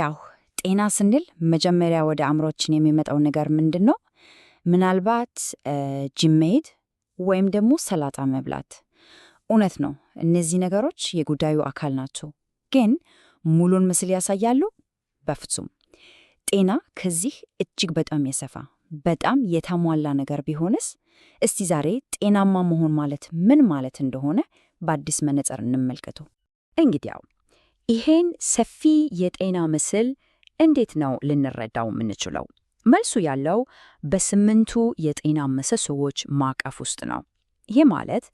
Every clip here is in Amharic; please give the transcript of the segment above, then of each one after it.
ያው ጤና ስንል መጀመሪያ ወደ አእምሮችን የሚመጣው ነገር ምንድን ነው? ምናልባት ጂም መሄድ ወይም ደግሞ ሰላጣ መብላት። እውነት ነው፣ እነዚህ ነገሮች የጉዳዩ አካል ናቸው። ግን ሙሉን ምስል ያሳያሉ? በፍጹም። ጤና ከዚህ እጅግ በጣም የሰፋ በጣም የተሟላ ነገር ቢሆንስ? እስቲ ዛሬ ጤናማ መሆን ማለት ምን ማለት እንደሆነ በአዲስ መነጽር እንመልከቱ። እንግዲያው ይሄን ሰፊ የጤና ምስል እንዴት ነው ልንረዳው የምንችለው? መልሱ ያለው በስምንቱ የጤና ምሰሶዎች ማዕቀፍ ውስጥ ነው። ይህ ማለት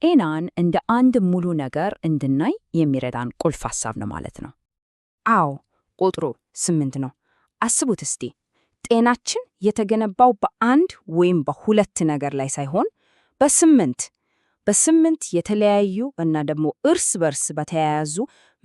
ጤናን እንደ አንድ ሙሉ ነገር እንድናይ የሚረዳን ቁልፍ ሐሳብ ነው ማለት ነው። አዎ ቁጥሩ ስምንት ነው። አስቡት እስቲ ጤናችን የተገነባው በአንድ ወይም በሁለት ነገር ላይ ሳይሆን በስምንት በስምንት የተለያዩ እና ደግሞ እርስ በርስ በተያያዙ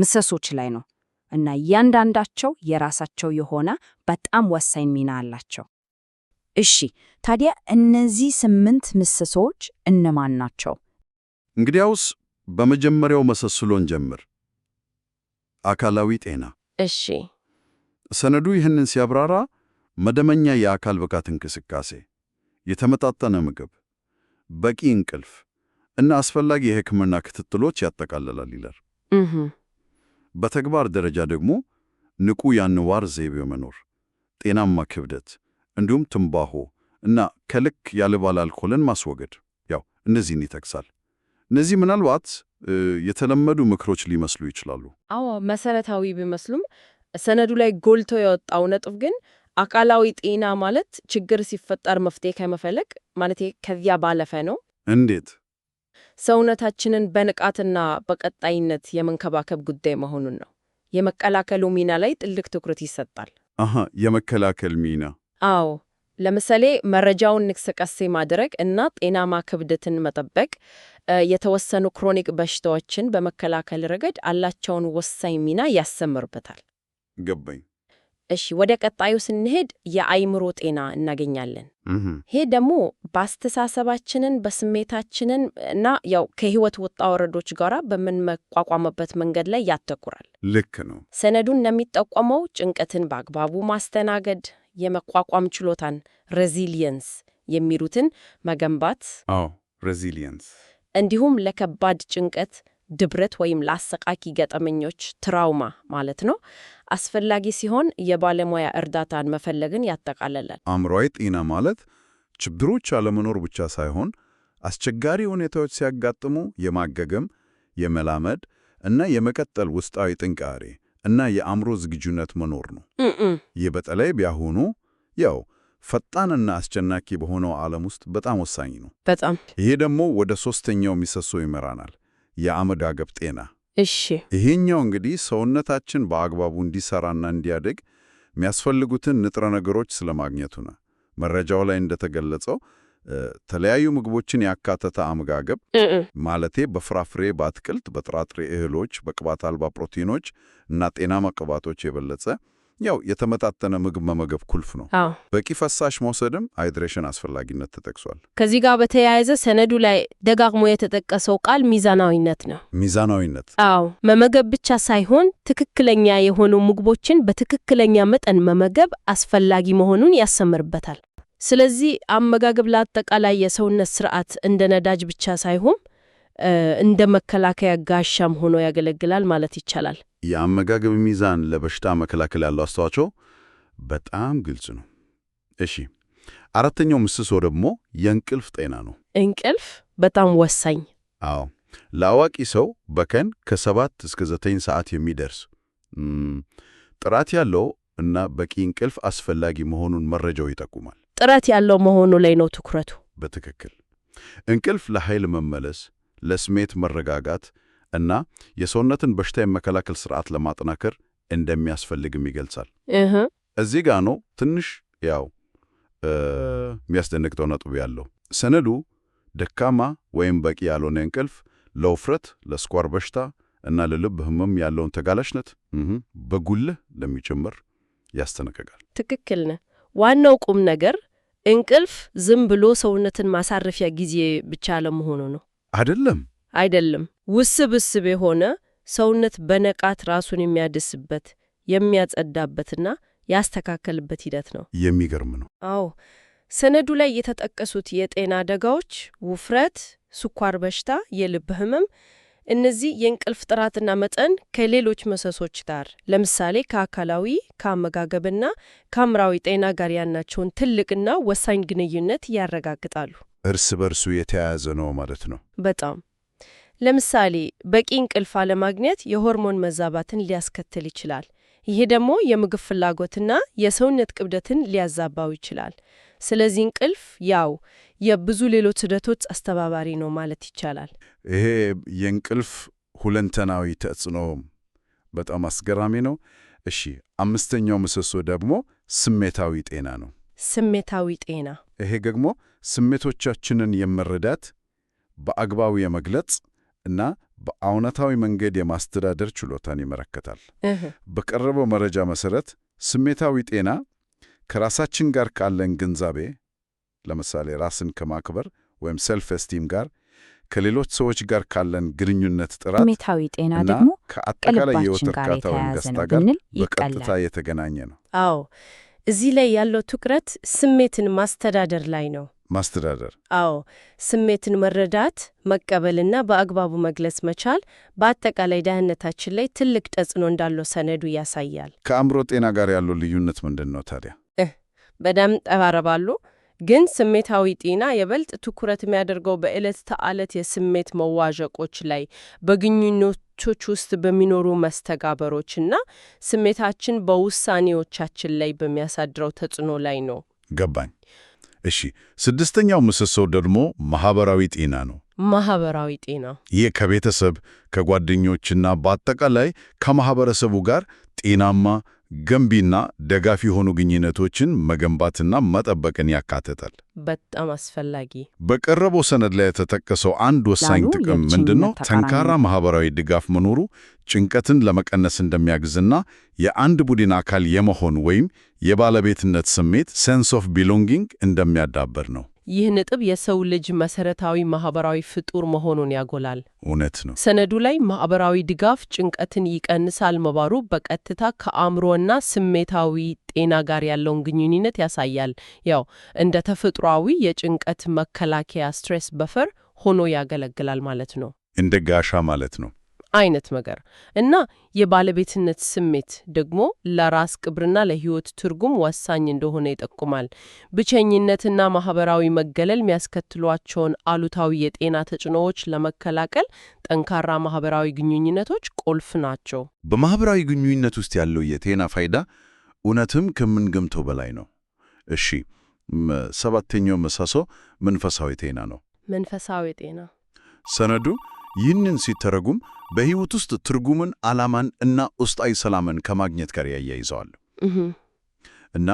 ምሰሶች ላይ ነው እና እያንዳንዳቸው የራሳቸው የሆነ በጣም ወሳኝ ሚና አላቸው። እሺ ታዲያ እነዚህ ስምንት ምሰሶች እነማን ናቸው? እንግዲያውስ በመጀመሪያው መሰስሎን ጀምር፣ አካላዊ ጤና። እሺ ሰነዱ ይህንን ሲያብራራ መደመኛ የአካል ብቃት እንቅስቃሴ፣ የተመጣጠነ ምግብ፣ በቂ እንቅልፍ እና አስፈላጊ የሕክምና ክትትሎች ያጠቃልላል ይላል። በተግባር ደረጃ ደግሞ ንቁ የአኗኗር ዘይቤ መኖር፣ ጤናማ ክብደት፣ እንዲሁም ትንባሆ እና ከልክ ያልባል አልኮልን ማስወገድ ያው እነዚህን ይጠቅሳል። እነዚህ ምናልባት የተለመዱ ምክሮች ሊመስሉ ይችላሉ። አዎ መሰረታዊ ቢመስሉም ሰነዱ ላይ ጎልቶ የወጣው ነጥብ ግን አካላዊ ጤና ማለት ችግር ሲፈጠር መፍትሄ ከመፈለግ ማለት ከዚያ ባለፈ ነው። እንዴት? ሰውነታችንን በንቃትና በቀጣይነት የመንከባከብ ጉዳይ መሆኑን ነው። የመከላከሉ ሚና ላይ ጥልቅ ትኩረት ይሰጣል። አሃ የመከላከል ሚና አዎ። ለምሳሌ መረጃውን ንቅስቃሴ ማድረግ እና ጤናማ ክብደትን መጠበቅ የተወሰኑ ክሮኒክ በሽታዎችን በመከላከል ረገድ አላቸውን ወሳኝ ሚና ያሰምርበታል። ገባኝ። እሺ ወደ ቀጣዩ ስንሄድ የአይምሮ ጤና እናገኛለን። ይሄ ደግሞ በአስተሳሰባችንን በስሜታችንን እና ያው ከህይወት ውጣ ወረዶች ጋር በምንመቋቋምበት መንገድ ላይ ያተኩራል። ልክ ነው። ሰነዱን እንደሚጠቆመው ጭንቀትን በአግባቡ ማስተናገድ፣ የመቋቋም ችሎታን ሬዚሊየንስ የሚሉትን መገንባት፣ አዎ ሬዚሊየንስ እንዲሁም ለከባድ ጭንቀት ድብረት ወይም ለአሰቃቂ ገጠመኞች ትራውማ ማለት ነው። አስፈላጊ ሲሆን የባለሙያ እርዳታን መፈለግን ያጠቃልላል። አእምሯዊ ጤና ማለት ችግሮች አለመኖር ብቻ ሳይሆን አስቸጋሪ ሁኔታዎች ሲያጋጥሙ የማገገም የመላመድ እና የመቀጠል ውስጣዊ ጥንካሬ እና የአእምሮ ዝግጁነት መኖር ነው። ይህ በተለይ ቢያሆኑ ያው ፈጣንና አስጨናቂ በሆነው ዓለም ውስጥ በጣም ወሳኝ ነው። በጣም ይሄ ደግሞ ወደ ሶስተኛው ምሰሶ ይመራናል። የአመጋገብ ጤና። እሺ፣ ይሄኛው እንግዲህ ሰውነታችን በአግባቡ እንዲሰራና እንዲያደግ የሚያስፈልጉትን ንጥረ ነገሮች ስለማግኘቱ ነው። መረጃው ላይ እንደተገለጸው ተለያዩ ምግቦችን ያካተተ አመጋገብ ማለቴ በፍራፍሬ፣ በአትክልት፣ በጥራጥሬ እህሎች፣ በቅባት አልባ ፕሮቲኖች እና ጤናማ ቅባቶች የበለጸ ያው የተመጣጠነ ምግብ መመገብ ቁልፍ ነው። በቂ ፈሳሽ መውሰድም ሃይድሬሽን አስፈላጊነት ተጠቅሷል። ከዚህ ጋር በተያያዘ ሰነዱ ላይ ደጋግሞ የተጠቀሰው ቃል ሚዛናዊነት ነው። ሚዛናዊነት፣ አዎ መመገብ ብቻ ሳይሆን ትክክለኛ የሆኑ ምግቦችን በትክክለኛ መጠን መመገብ አስፈላጊ መሆኑን ያሰምርበታል። ስለዚህ አመጋገብ ለአጠቃላይ የሰውነት ስርዓት እንደ ነዳጅ ብቻ ሳይሆን እንደ መከላከያ ጋሻም ሆኖ ያገለግላል ማለት ይቻላል። የአመጋገብ ሚዛን ለበሽታ መከላከል ያለው አስተዋጽኦ በጣም ግልጽ ነው። እሺ፣ አራተኛው ምሰሶ ደግሞ የእንቅልፍ ጤና ነው። እንቅልፍ በጣም ወሳኝ። አዎ፣ ለአዋቂ ሰው በቀን ከሰባት እስከ ዘጠኝ ሰዓት የሚደርስ ጥራት ያለው እና በቂ እንቅልፍ አስፈላጊ መሆኑን መረጃው ይጠቁማል። ጥራት ያለው መሆኑ ላይ ነው ትኩረቱ። በትክክል እንቅልፍ ለኃይል መመለስ፣ ለስሜት መረጋጋት እና የሰውነትን በሽታ የመከላከል ስርዓት ለማጠናከር እንደሚያስፈልግም ይገልጻል። እዚህ ጋ ነው ትንሽ ያው የሚያስደነግጠው ነጥብ ያለው። ሰነዱ ደካማ ወይም በቂ ያልሆነ እንቅልፍ ለውፍረት፣ ለስኳር በሽታ እና ለልብ ህመም ያለውን ተጋላሽነት በጉልህ ለሚጨምር ያስተነቀቃል። ትክክል ነ ዋናው ቁም ነገር እንቅልፍ ዝም ብሎ ሰውነትን ማሳረፊያ ጊዜ ብቻ ለመሆኑ ነው አይደለም። አይደለም። ውስብስብ የሆነ ሰውነት በነቃት ራሱን የሚያድስበት የሚያጸዳበትና ያስተካከልበት ሂደት ነው። የሚገርም ነው። አዎ ሰነዱ ላይ የተጠቀሱት የጤና አደጋዎች ውፍረት፣ ስኳር በሽታ፣ የልብ ህመም እነዚህ የእንቅልፍ ጥራትና መጠን ከሌሎች መሰሶች ጋር ለምሳሌ ከአካላዊ ከአመጋገብና ከአእምራዊ ጤና ጋር ያናቸውን ትልቅና ወሳኝ ግንኙነት ያረጋግጣሉ። እርስ በርሱ የተያያዘ ነው ማለት ነው። በጣም ለምሳሌ በቂ እንቅልፍ አለማግኘት የሆርሞን መዛባትን ሊያስከትል ይችላል። ይሄ ደግሞ የምግብ ፍላጎትና የሰውነት ክብደትን ሊያዛባው ይችላል። ስለዚህ እንቅልፍ ያው የብዙ ሌሎች ስደቶች አስተባባሪ ነው ማለት ይቻላል። ይሄ የእንቅልፍ ሁለንተናዊ ተጽዕኖ በጣም አስገራሚ ነው። እሺ፣ አምስተኛው ምሰሶ ደግሞ ስሜታዊ ጤና ነው። ስሜታዊ ጤና ይሄ ደግሞ ስሜቶቻችንን የመረዳት በአግባቡ የመግለጽ እና በእውነታዊ መንገድ የማስተዳደር ችሎታን ይመለከታል። በቀረበው መረጃ መሰረት ስሜታዊ ጤና ከራሳችን ጋር ካለን ግንዛቤ ለምሳሌ ራስን ከማክበር ወይም ሰልፍ ስቲም ጋር ከሌሎች ሰዎች ጋር ካለን ግንኙነት ጥራት ስሜታዊ ጤና ደግሞ ከአጠቃላይ የህይወት እርካታ ወይም ደስታ ጋር በቀጥታ የተገናኘ ነው። አዎ እዚህ ላይ ያለው ትኩረት ስሜትን ማስተዳደር ላይ ነው። ማስተዳደር አዎ፣ ስሜትን መረዳት መቀበልና በአግባቡ መግለጽ መቻል በአጠቃላይ ደህንነታችን ላይ ትልቅ ተጽዕኖ እንዳለው ሰነዱ ያሳያል። ከአእምሮ ጤና ጋር ያለው ልዩነት ምንድን ነው ታዲያ? በደም ጠባረባሉ። ግን ስሜታዊ ጤና የበልጥ ትኩረት የሚያደርገው በዕለት ተዕለት የስሜት መዋዠቆች ላይ፣ በግንኙነቶች ውስጥ በሚኖሩ መስተጋበሮችና ስሜታችን በውሳኔዎቻችን ላይ በሚያሳድረው ተጽዕኖ ላይ ነው። ገባኝ። እሺ ስድስተኛው ምሰሶ ደግሞ ማህበራዊ ጤና ነው። ማህበራዊ ጤና ይህ ከቤተሰብ ከጓደኞችና በአጠቃላይ ከማህበረሰቡ ጋር ጤናማ ገንቢና ደጋፊ የሆኑ ግንኙነቶችን መገንባትና መጠበቅን ያካትታል። በጣም አስፈላጊ። በቀረበው ሰነድ ላይ የተጠቀሰው አንድ ወሳኝ ጥቅም ምንድን ነው? ጠንካራ ማህበራዊ ድጋፍ መኖሩ ጭንቀትን ለመቀነስ እንደሚያግዝና የአንድ ቡድን አካል የመሆን ወይም የባለቤትነት ስሜት ሴንስ ኦፍ ቢሎንጊንግ እንደሚያዳብር ነው። ይህ ነጥብ የሰው ልጅ መሰረታዊ ማህበራዊ ፍጡር መሆኑን ያጎላል። እውነት ነው። ሰነዱ ላይ ማህበራዊ ድጋፍ ጭንቀትን ይቀንሳል መባሩ በቀጥታ ከአእምሮና ስሜታዊ ጤና ጋር ያለውን ግንኙነት ያሳያል። ያው እንደ ተፈጥሯዊ የጭንቀት መከላከያ ስትሬስ በፈር ሆኖ ያገለግላል ማለት ነው። እንደ ጋሻ ማለት ነው። አይነት ነገር እና የባለቤትነት ስሜት ደግሞ ለራስ ቅብርና ለህይወት ትርጉም ወሳኝ እንደሆነ ይጠቁማል። ብቸኝነትና ማህበራዊ መገለል የሚያስከትሏቸውን አሉታዊ የጤና ተጽዕኖዎች ለመከላከል ጠንካራ ማህበራዊ ግንኙነቶች ቁልፍ ናቸው። በማህበራዊ ግንኙነት ውስጥ ያለው የጤና ፋይዳ እውነትም ከምንገምተው በላይ ነው። እሺ፣ ሰባተኛው ምሰሶ መንፈሳዊ ጤና ነው። መንፈሳዊ ጤና ሰነዱ ይህንን ሲተረጉም በህይወት ውስጥ ትርጉምን፣ ዓላማን እና ውስጣዊ ሰላምን ከማግኘት ጋር ያያይዘዋል እና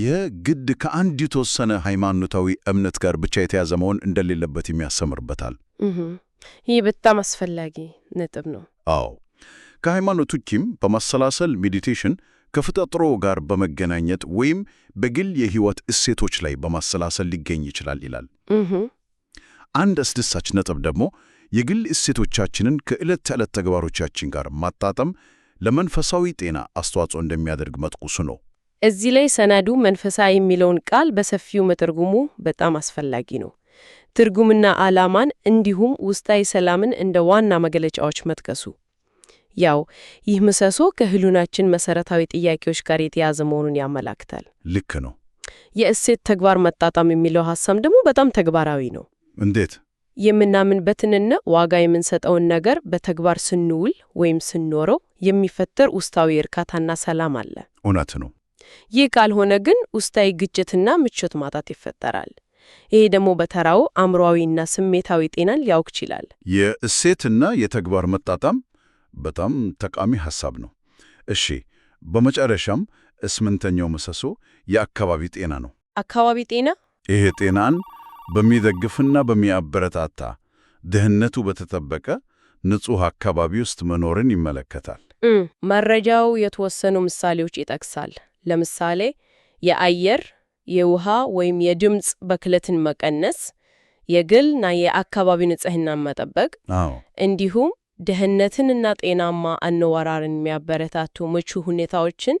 ይህ ግድ ከአንድ የተወሰነ ሃይማኖታዊ እምነት ጋር ብቻ የተያዘ መሆን እንደሌለበት የሚያሰምርበታል። ይህ በጣም አስፈላጊ ነጥብ ነው። አዎ ከሃይማኖት ውጪም በማሰላሰል ሜዲቴሽን ከፍጥሮ ጋር በመገናኘት ወይም በግል የህይወት እሴቶች ላይ በማሰላሰል ሊገኝ ይችላል ይላል። አንድ አስደሳች ነጥብ ደግሞ የግል እሴቶቻችንን ከዕለት ተዕለት ተግባሮቻችን ጋር ማጣጠም ለመንፈሳዊ ጤና አስተዋጽኦ እንደሚያደርግ መጥቁሱ ነው። እዚህ ላይ ሰነዱ መንፈሳዊ የሚለውን ቃል በሰፊው መተርጉሙ በጣም አስፈላጊ ነው። ትርጉምና ዓላማን እንዲሁም ውስጣዊ ሰላምን እንደ ዋና መገለጫዎች መጥቀሱ ያው ይህ ምሰሶ ከህሉናችን መሰረታዊ ጥያቄዎች ጋር የተያዘ መሆኑን ያመላክታል። ልክ ነው። የእሴት ተግባር መጣጣም የሚለው ሀሳብ ደግሞ በጣም ተግባራዊ ነው። እንዴት? የምናምንበትንና ዋጋ የምንሰጠውን ነገር በተግባር ስንውል ወይም ስንኖረው የሚፈጠር ውስጣዊ እርካታና ሰላም አለ። እውነት ነው። ይህ ካልሆነ ግን ውስጣዊ ግጭትና ምቾት ማጣት ይፈጠራል። ይሄ ደግሞ በተራው አእምሯዊና ስሜታዊ ጤናን ሊያውክ ይችላል። የእሴትና የተግባር መጣጣም በጣም ጠቃሚ ሐሳብ ነው። እሺ፣ በመጨረሻም ስምንተኛው ምሰሶ የአካባቢ ጤና ነው። አካባቢ ጤና ይሄ ጤናን በሚደግፍና በሚያበረታታ ድህነቱ በተጠበቀ ንጹሕ አካባቢ ውስጥ መኖርን ይመለከታል። መረጃው የተወሰኑ ምሳሌዎች ይጠቅሳል። ለምሳሌ የአየር፣ የውሃ ወይም የድምፅ በክለትን መቀነስ፣ የግልና የአካባቢ ንጽህናን መጠበቅ እንዲሁም ደህንነትንና ጤናማ አነዋራርን የሚያበረታቱ ምቹ ሁኔታዎችን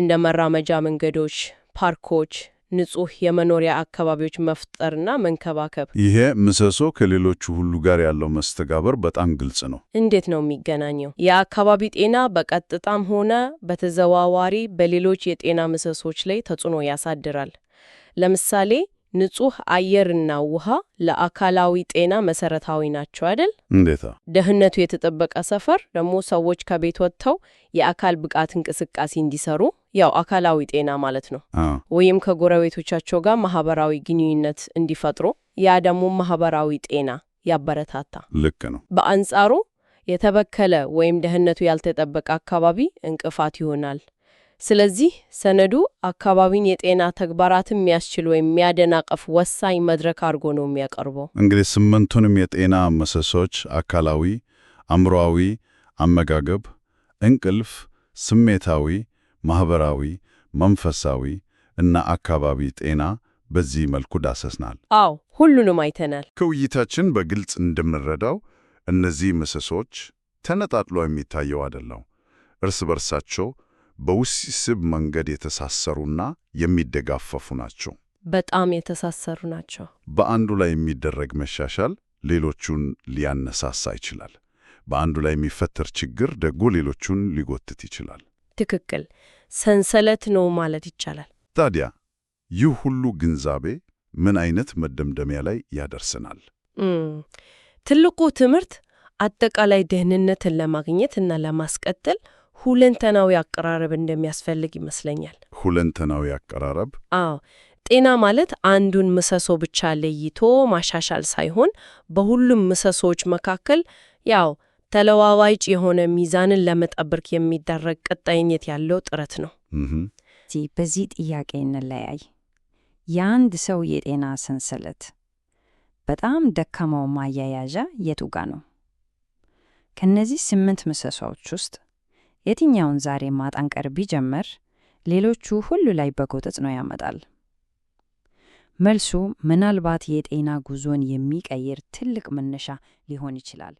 እንደ መራመጃ መንገዶች፣ ፓርኮች ንጹህ የመኖሪያ አካባቢዎች መፍጠርና መንከባከብ። ይሄ ምሰሶ ከሌሎቹ ሁሉ ጋር ያለው መስተጋበር በጣም ግልጽ ነው። እንዴት ነው የሚገናኘው? የአካባቢ ጤና በቀጥታም ሆነ በተዘዋዋሪ በሌሎች የጤና ምሰሶች ላይ ተጽዕኖ ያሳድራል። ለምሳሌ ንጹህ አየርና ውሃ ለአካላዊ ጤና መሰረታዊ ናቸው አይደል? እንዴታ! ደህንነቱ የተጠበቀ ሰፈር ደግሞ ሰዎች ከቤት ወጥተው የአካል ብቃት እንቅስቃሴ እንዲሰሩ ያው አካላዊ ጤና ማለት ነው። ወይም ከጎረቤቶቻቸው ጋር ማህበራዊ ግንኙነት እንዲፈጥሩ፣ ያ ደግሞ ማህበራዊ ጤና ያበረታታ። ልክ ነው። በአንጻሩ የተበከለ ወይም ደህንነቱ ያልተጠበቀ አካባቢ እንቅፋት ይሆናል። ስለዚህ ሰነዱ አካባቢን የጤና ተግባራት የሚያስችል ወይም የሚያደናቀፍ ወሳኝ መድረክ አድርጎ ነው የሚያቀርበው። እንግዲህ ስምንቱንም የጤና ምሰሶች አካላዊ፣ አእምሮአዊ፣ አመጋገብ፣ እንቅልፍ፣ ስሜታዊ፣ ማህበራዊ፣ መንፈሳዊ እና አካባቢ ጤና በዚህ መልኩ ዳሰስናል። አዎ ሁሉንም አይተናል። ከውይይታችን በግልጽ እንደምንረዳው እነዚህ ምሰሶች ተነጣጥሎ የሚታየው አይደለም፣ እርስ በርሳቸው በውስብስብ መንገድ የተሳሰሩና የሚደጋፈፉ ናቸው። በጣም የተሳሰሩ ናቸው። በአንዱ ላይ የሚደረግ መሻሻል ሌሎቹን ሊያነሳሳ ይችላል። በአንዱ ላይ የሚፈጠር ችግር ደግሞ ሌሎቹን ሊጎትት ይችላል። ትክክል፣ ሰንሰለት ነው ማለት ይቻላል። ታዲያ ይህ ሁሉ ግንዛቤ ምን አይነት መደምደሚያ ላይ ያደርስናል? ትልቁ ትምህርት አጠቃላይ ደህንነትን ለማግኘት እና ለማስቀጠል ሁለንተናዊ አቀራረብ እንደሚያስፈልግ ይመስለኛል። ሁለንተናዊ አቀራረብ? አዎ፣ ጤና ማለት አንዱን ምሰሶ ብቻ ለይቶ ማሻሻል ሳይሆን በሁሉም ምሰሶዎች መካከል ያው ተለዋዋጭ የሆነ ሚዛንን ለመጠበቅ የሚደረግ ቀጣይነት ያለው ጥረት ነው። በዚህ ጥያቄ እንለያይ። የአንድ ሰው የጤና ሰንሰለት በጣም ደካማው ማያያዣ የቱ ጋ ነው? ከእነዚህ ስምንት ምሰሶዎች ውስጥ የትኛውን ዛሬ ማጠንከር ቢጀምር ሌሎቹ ሁሉ ላይ በጎ ተጽዕኖ ያመጣል? መልሱ ምናልባት የጤና ጉዞን የሚቀይር ትልቅ መነሻ ሊሆን ይችላል።